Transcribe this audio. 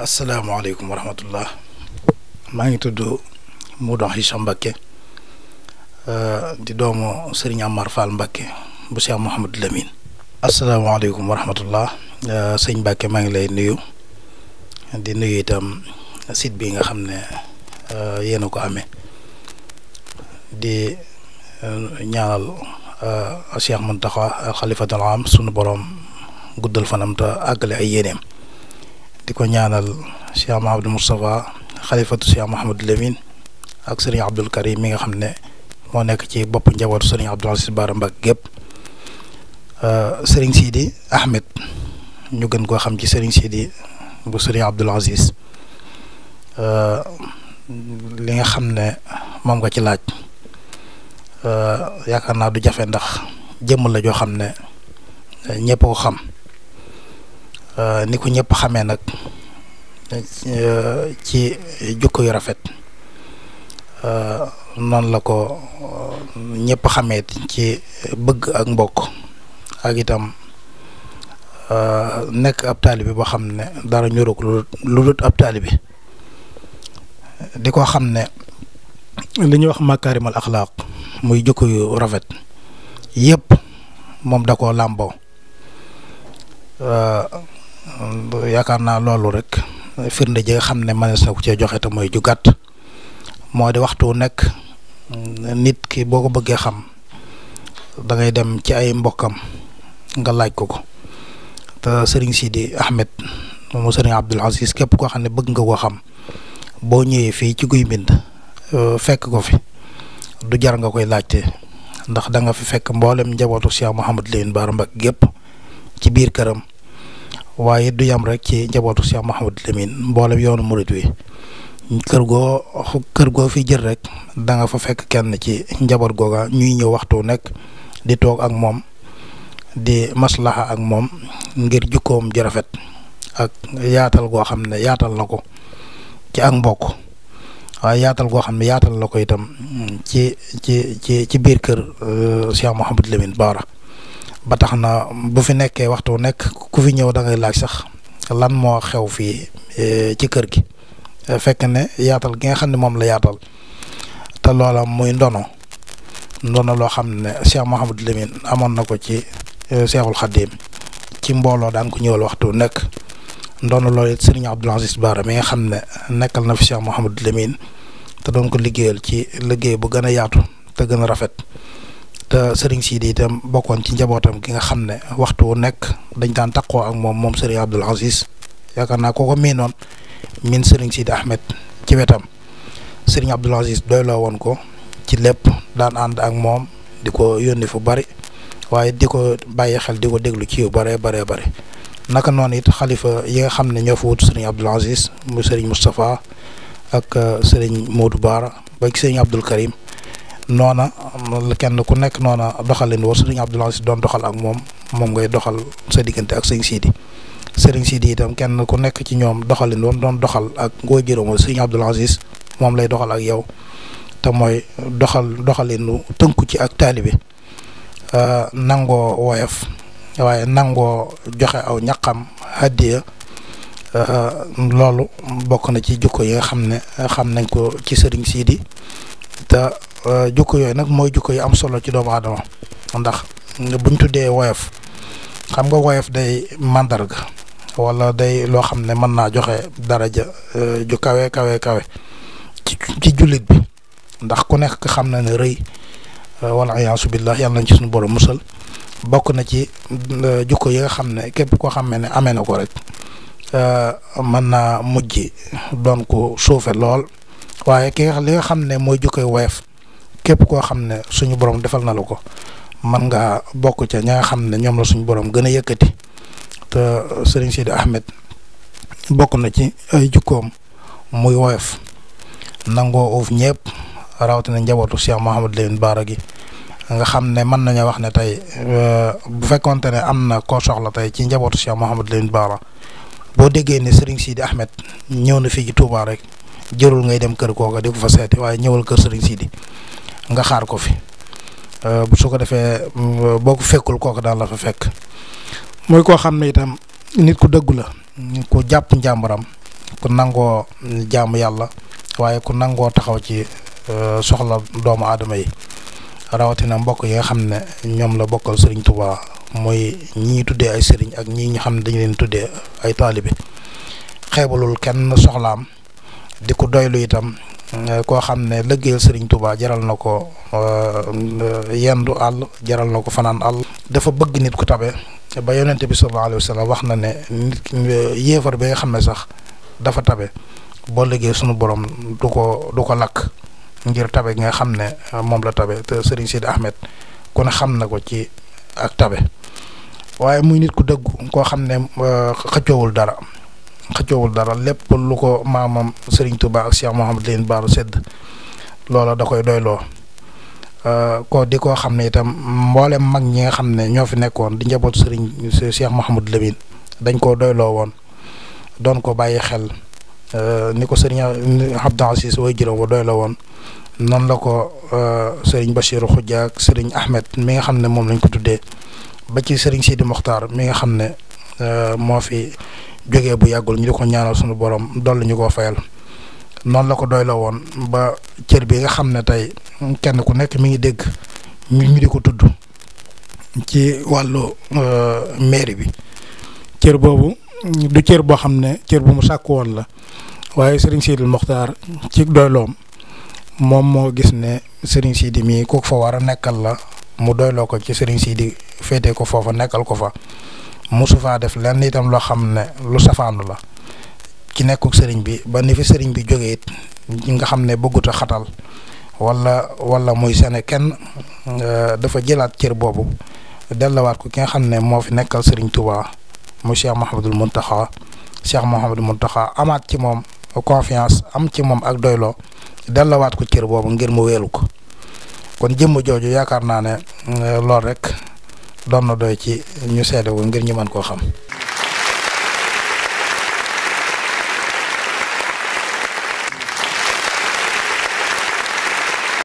asalaamaaleykum wa rahmatullah maa ngi tudd Modou Hicham Mbacké euh, di doomu Serigne Amar Fall Mbacké bu Cheikh Mouhamadou Lamine. asalaamaaleykum wa rahmatullah euh, sëñ Mbacké maa ngi lay nuyu di nuyu itam site bi nga xam ne euh, yéen a ko ame di ñaanal Cheikh Mountakha xalifatul am sunu boroom guddal fanam te àggale ay yéeneem. di ko ñaanal Cheikh Mahamadou Moustapha xalifatu Cheikh Mahamadou Lamine ak sëriñ Abdul Karim mi nga xam ne moo nekk ci bopp njabootu sëriñ Abdul Aziz Bara Mbacké gépp euh, sëriñ Sidi Ahmed ñu gën koo xam ci sëriñ Sidi bu sëriñ Abdul Aziz euh, li nga xam ne moom nga ci laaj euh, yaakaar naa du jafe ndax jëmm la joo xam ne ñëpp ko xam Euh, ni ko ñëpp xamee nag euh, ci jukko yu rafet euh, noonu la ko ñëpp xamee ci bëgg ak mbokk ak itam nekk ab bi boo xam ne dara ñorul lu lu dul ab taalibe di ko xam ne li ñuy wax makaarimal muy jukko yu rafet yépp moom da koo làmboo. yaakaar naa loolu rek firnde ji nga xam ne mënees na cee joxe te mooy ju gàtt moo di waxtu nekk nit ki boo ko bëggee xam dangay dem ci ay mbokkam nga laaj ko ko te sëriñ Sidi Ahmed moomu sëriñ Abdul Aziz képp koo xam ne bëgg nga koo xam boo ñëwee fii ci guy mbind euh, fekk ko fi du jar nga koy laajte ndax danga fi fekk mboolem njabootu Cheikh Mouhamadou Lamine Bara Mbacké gépp ci biir këram. waaye du yam rek ci njabootu Cheikh Mouhamadou Lamine mboolem yoonu murit wi kër goo kër goo fi jël rek da fa fekk kenn ci njaboot googa ñuy ñëw waxtu nekk di toog ak moom di maslaha ak moom ngir jukkoom ju rafet ak yaatal goo xam ne yaatal la ko ci ak mbokk waaye yaatal goo xam ne yaatal la ko itam ci ci ci ci biir kër euh, Cheikh Mouhamadou Lamine Bara ba tax na bu fi nekkee waxtu nekk ku fi ñëw da ngay laaj sax lan moo xew fii e, ci kër gi e, fekk ne yaatal gi nga xam ne moom la yaatal te loola muy ndono ndono loo xam ne Cheikh Mouhamadou Lamine amoon na ko ci e, Cheikhul Khadim ci mbooloo daan ko ñëwal waxtu nekk ndono loolu it Serigne Abdoul Aziz Bara mi nga xam ne nekkal na fi Cheikh Mouhamadou Lamine te doon ko liggéeyal ci liggéey bu gën a yaatu te gën a rafet. te sëriñ Sidi itam bokkoon ci njabootam ki nga xam ne waxtu wu nekk dañ daan taqoo ak moom moom sëriñ Abdul Aziz yaakaar naa ko kooko miinoon miin sëriñ Sidi Ahmed ci wetam sëriñ Abdul Aziz doyloo woon ko ci lépp daan ànd ak moom di ko yónni fu bari waaye di ko bàyyee xel di ko déglu ci yu bare bare bare naka noonu it xalifa yi nga xam ne ñoo fa wut sëriñ Abdul Aziz mu sëriñ Moustapha ak euh, sëriñ Modou Baara ba sëriñ Abdul Karim noona kenn ku nekk noona doxalin woo sëriñ Abdoul Aziz doon doxal ak moom moom ngay doxal sa diggante ak sëriñ Sidi sëriñ Sidi itam kenn ku nekk ci ñoom doxalin doon doxal ak ngoo jërëmoo sëriñ Abdoul Aziz moom lay doxal ak yow te mooy doxal doxalinu tënku ci ak taalibe euh, nangoo woyof waaye nangoo joxe aw ñaqam hadiya euh, loolu bokk na ci jukko yi xam ne xam nañ ko ci sëriñ Sidi te Euh, jukko yooyu nag mooy jukko yi am solo ci doomu aadama ndax buñ tuddee woyof xam nga woyof day màndarga walla day loo xam ne mën naa joxe daraja euh, ju kawe kawe kawe ci ci bi ndax ku nekk xam na ne rëy euh, wala iyaasu billah yàlla nañ ci suñu borom musal bokk na ci jukko yi nga xam ne képp koo xam ne amee na ko rek mën naa mujj doon ko suufe lool waaye ki nga li nga xam ne mooy jukkoy woyof képp koo xam ne suñu borom defal na la ko man nga bokk ca ña xam ne ñoom la suñu borom gën a yëkkati te uh, sëriñ Sidi Ahmed bokk na ci ay jukkoom muy woyof nangoo uuf ñëpp rawatina njabootu Cheikh Mouhamadou Lamine Bara gi nga xam ne mën nañoo wax ne tey uh, bu fekkonte ne am na koo soxla tey ci njabootu Cheikh Mouhamadou Lamine Bara boo déggee ne sëriñ Sidi Ahmed ñëw na fii ci Touba rek jëlul ngay dem kër kooka di ko fa seeti waaye ñëwal kër sëriñ Sidi nga xaar ko fi euh, bu su ko defee euh, boo ko fekkul kooku daal la fa fekk muy koo xam ne itam nit ku dëggu la ku jàpp njàmbaram ku nangoo jaamu yàlla waaye ku nangoo taxaw ci euh, soxla doomu aadama yi rawatina mbokk yi nga xam ne ñoom la bokkal sëriñ Touba mooy ñii tuddee ay sëriñ ak ñii ñu xam ne dañu leen tuddee ay taalibe xeebalul kenn soxlaam di ko doylu itam Euh, koo xam ne lëggéeyal sëriñ Touba jaral na ko euh, yendu àll jaral na ko fanaan àll dafa bëgg nit ku tabe ba yonente bi sallallahu wax na ne nit euh, yéefar bi xam ne sax dafa tabe boo liggéey sunu borom du ko du ko lakk ngir tabe nga xam ne moom la tabe te sëriñ Sidi Ahmed ku xam na ko ci ak tabe waaye muy nit ku dëggu koo xam ne xëccoowul dara xëccoowul dara lépp lu ko maamam Serigne Touba ak Cheikh Mouhamed Lamine Bara sedd loola da koy doyloo euh, ko di koo xam ne itam mboolem mag ñi nga xam ne ñoo fi nekkoon di njaboot Serigne Cheikh Mouhamed Lamine dañ koo doyloo woon doon ko bàyyi xel euh, ni ko Serigne Abdou Aziz way jëloon wa doyloo woon nan la ko euh, Serigne Bachirou Khoudia ak Serigne Ahmed mi nga xam ne moom lañ ko tuddee ba ci Serigne Sidi Mokhtar mi nga xam ne. Euh, moo fi jógee bu yàggul ñu di ko ñaanal suñu borom dolli lañu koo fayal noonu la ko doy woon ba cër bi nga xam ne tey kenn ku nekk mi ngi dégg ñu ñu di ko tudd ci wàllu euh, mairie bi cër boobu du cër boo xam ne cër bu mu sàkku woon la waaye Serigne Sidil Mokhtar ci doyloom moom moo gis ne Serigne Sidi mii ku fa war a nekkal la mu doyloo ko ci Serigne Sidi féete ko foofa nekkal ko fa mosu faa def lenn itam loo xam ne lu safaanu la ci nekkuk sëriñ bi ba ni fi sëriñ bi jógee it nga xam ne bëggut xatal wala wala muy seene kenn euh, dafa jëlaat cër boobu dellowaat ko ki nga xam ne moo fi nekkal sëriñ Touba mu Cheikh Mouhamadul Mountakha Cheikh Mouhamadul Mountakha amaat ci moom confiance am ci moom ak doyloo dellowaat ko cër boobu ngir mu weelu ko kon jëmm jooju yaakaar naa ne euh, loolu rek. doon na doy ci ñu seede wu ngir ñu mën koo xam